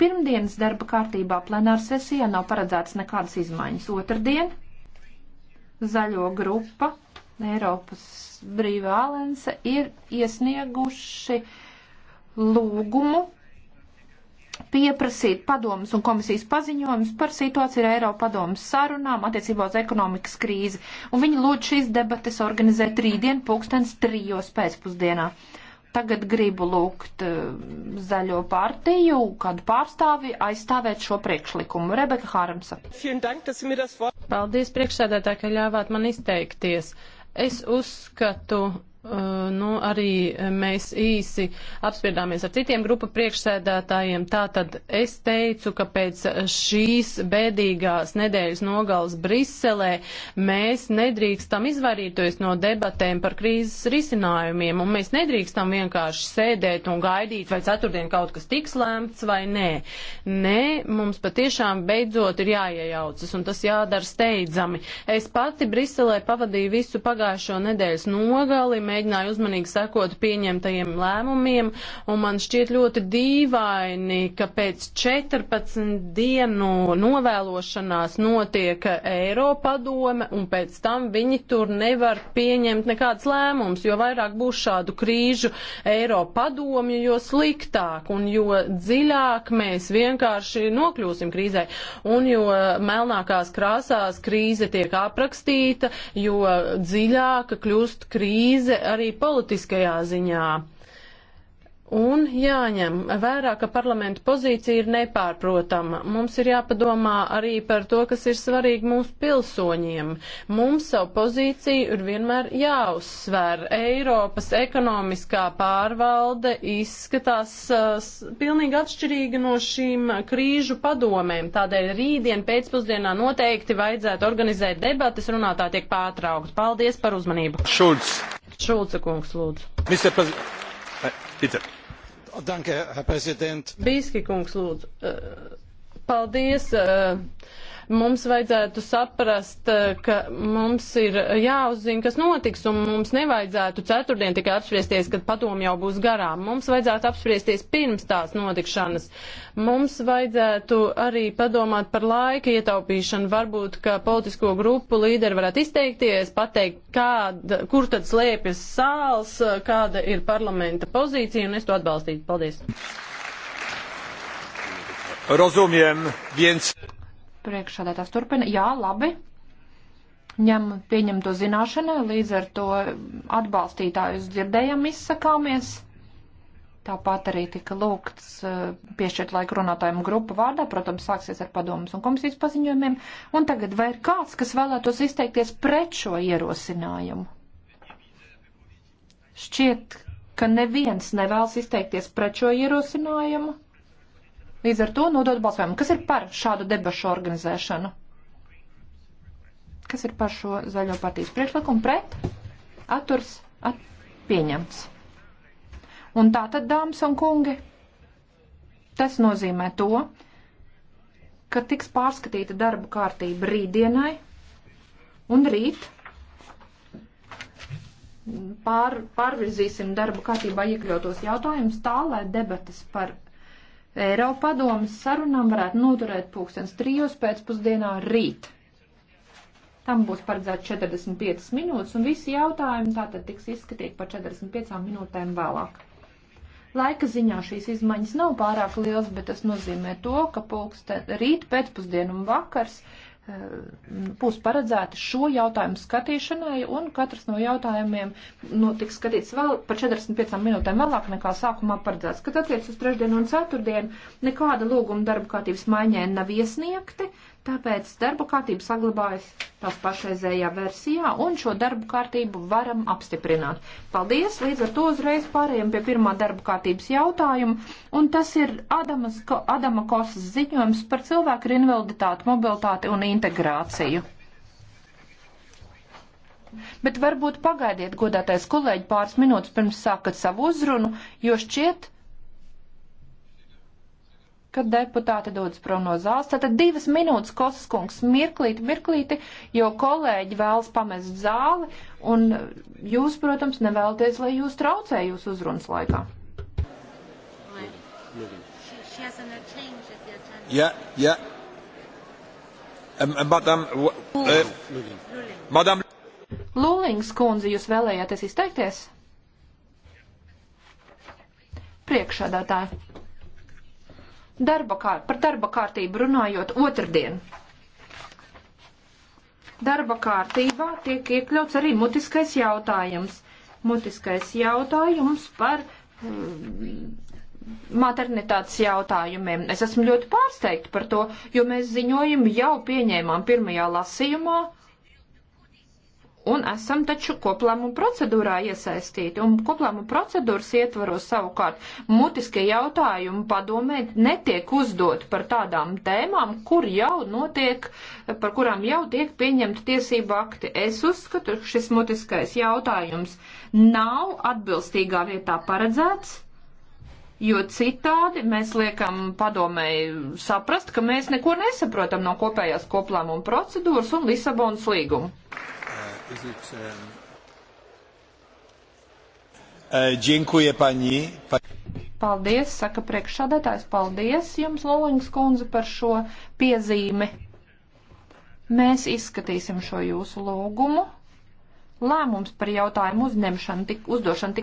Pirmdienas darba kārtībā plenāra sesijā nav paredzēts nekādas izmaiņas. Otradien zaļo grupa Eiropas brīvā alense ir iesnieguši lūgumu pieprasīt padomus un komisijas paziņojumus par situāciju ar Eiropadomus sarunām attiecībā uz ekonomikas krīzi. Un viņi lūdz šīs debates organizēt rītdien pulkstens trijos pēcpusdienā. Tagad gribu lūgt eh, zaļo partiju, kādu pārstāvi, aizstāvēt šo priekšlikumu. Rebeka Hārmsa. Paldies priekšsēdētāji, ka ļāvāt man izteikties. Es uzskatu, Uh, nu, arī eh, mēs īsi apspriedāmies ar citiem grupu priekšsēdētājiem. Tātad es teicu, ka pēc šīs bēdīgās nedēļas nogales Briselē mēs nedrīkstam izvairīties no debatēm par krīzes risinājumiem, un mēs nedrīkstam vienkārši sēdēt un gaidīt, vai ceturtdien kaut kas tiks lēmts vai nē. Nē, mums patiešām beidzot ir jāiejaucas, un tas jādara steidzami. Es pati Briselē pavadīju visu pagājušo nedēļas nogali mēģināju uzmanīgi sekot pieņemtajiem lēmumiem, un man šķiet ļoti dīvaini, ka pēc 14 dienu novēlošanās notiek Eiropadome, un pēc tam viņi tur nevar pieņemt nekādas lēmumus, jo vairāk būs šādu krīžu Eiropadomju, jo sliktāk un jo dziļāk mēs vienkārši nokļūsim krīzē, un jo melnākās krāsās krīze tiek aprakstīta, jo dziļāka kļūst krīze arī politiskajā ziņā. Un jāņem vērā, ka parlamenta pozīcija ir nepārprotama. Mums ir jāpadomā arī par to, kas ir svarīgi mūsu pilsoņiem. Mums savu pozīciju ir vienmēr jāuzsver. Eiropas ekonomiskā pārvalde izskatās uh, pilnīgi atšķirīga no šīm krīžu padomēm. Tādēļ rītdien pēcpusdienā noteikti vajadzētu organizēt debatas, runātā tiek pārtraukta. Paldies par uzmanību. Šulc. Šulce kungs, lūdzu. Danke, Herr Präsident. Bīski kungs, lūdzu. Paldies. Uh, Mums vajadzētu saprast, eh, ka mums ir jāuzzina, kas notiks, un mums nevajadzētu ceturtdien tikai apspriesties, kad padomu jau būs garām. Mums vajadzētu apspriesties pirms tās notikšanas. Mums vajadzētu arī padomāt par laika ietaupīšanu. Varbūt, ka politisko grupu līderi varētu izteikties, pateikt, kāda, kur tad slēpjas sāls, kāda ir parlamenta pozīcija, un es to atbalstītu. Paldies! rozumiem więc Priekšādātās turpina. Jā, labi. Ņem, pieņem to zināšanai, līdz ar to atbalstītājus dzirdējam izsakāmies. Tāpat arī tika lūgts eh, piešķirt laiku runātājiem grupu vārdā, protams, sāksies ar padomus un komisijas paziņojumiem. Un tagad vai ir kāds, kas vēlētos izteikties pret šo ierosinājumu? Šķiet, ka neviens nevēlas izteikties pret šo ierosinājumu. Līdz ar to nodot balsojumu. Kas ir par šādu debašu organizēšanu? Kas ir par šo zaļo partijas priekšlikumu? Pret? Atturs? At, pieņemts. Un tā tad, dāmas un kungi, tas nozīmē to, ka tiks pārskatīta darba kārtība rītdienai un rīt pār, pārvirzīsim darba kārtībā iekļautos jautājumus tā, lai debatas par Eiropadomas sarunām varētu noturēt pūkstens trijos pēcpusdienā rīt. Tam būs paredzēts 45 minūtes, un visi jautājumi tātad tiks izskatīti par 45 minūtēm vēlāk. Laika ziņā šīs izmaiņas nav pārāk liels, bet tas nozīmē to, ka pulksten rīt pēcpusdienu un vakars būs paredzēti šo jautājumu skatīšanai, un katrs no jautājumiem nu, tiks skatīts vēl par 45 minūtēm vēlāk nekā sākumā paredzēts. Kad attiec uz trešdienu un ceturtdienu, nekāda lūguma darba kārtības maiņai nav iesniegti, tāpēc darba kārtība saglabājas tās pašreizējā versijā, un šo darbu kārtību varam apstiprināt. Paldies! Līdz ar to uzreiz pārējiem pie pirmā darba kārtības jautājuma, un tas ir Adamas, Adama Kosas ziņojums par cilvēku invaliditāti, mobilitāti un informāciju integrāciju. Bet varbūt pagaidiet, godātais kolēģi, pāris minūtes pirms sākat savu uzrunu, jo šķiet, kad deputāti dodas prom no zāles. Tātad divas minūtes, Koskungs, mirklīti, mirklīti, jo kolēģi vēlas pamest zāli, un jūs, protams, nevēlaties, lai jūs traucē jūs uzrunas laikā. Yeah, yeah, Um, uh, madam, uh, madam. Lūlings kundze, jūs vēlējāties izteikties? Priekšādātāji. Darba kārt, par darba kārtību runājot otrdien. Darba kārtībā tiek iekļauts arī mutiskais jautājums. Mutiskais jautājums par um, maternitātes jautājumiem. Es esmu ļoti pārsteigta par to, jo mēs ziņojumu jau pieņēmām pirmajā lasījumā un esam taču koplēmu procedūrā iesaistīti. Un koplēmu procedūras ietvaros savukārt mutiskie jautājumi padomē netiek uzdot par tādām tēmām, kur jau notiek, par kurām jau tiek pieņemta tiesība akti. Es uzskatu, šis mutiskais jautājums nav atbilstīgā vietā paredzēts jo citādi mēs liekam padomēji saprast, ka mēs neko nesaprotam no kopējās koplēmuma procedūras un Lisabonas līguma. Uh, it, um... uh, dziękuję pani. Pa... Paldies, saka priekšsādātājs, paldies jums, Lolings kundze, par šo piezīmi. Mēs izskatīsim šo jūsu lūgumu. Lēmums par jautājumu uzņemšanu tik uzdošanu tik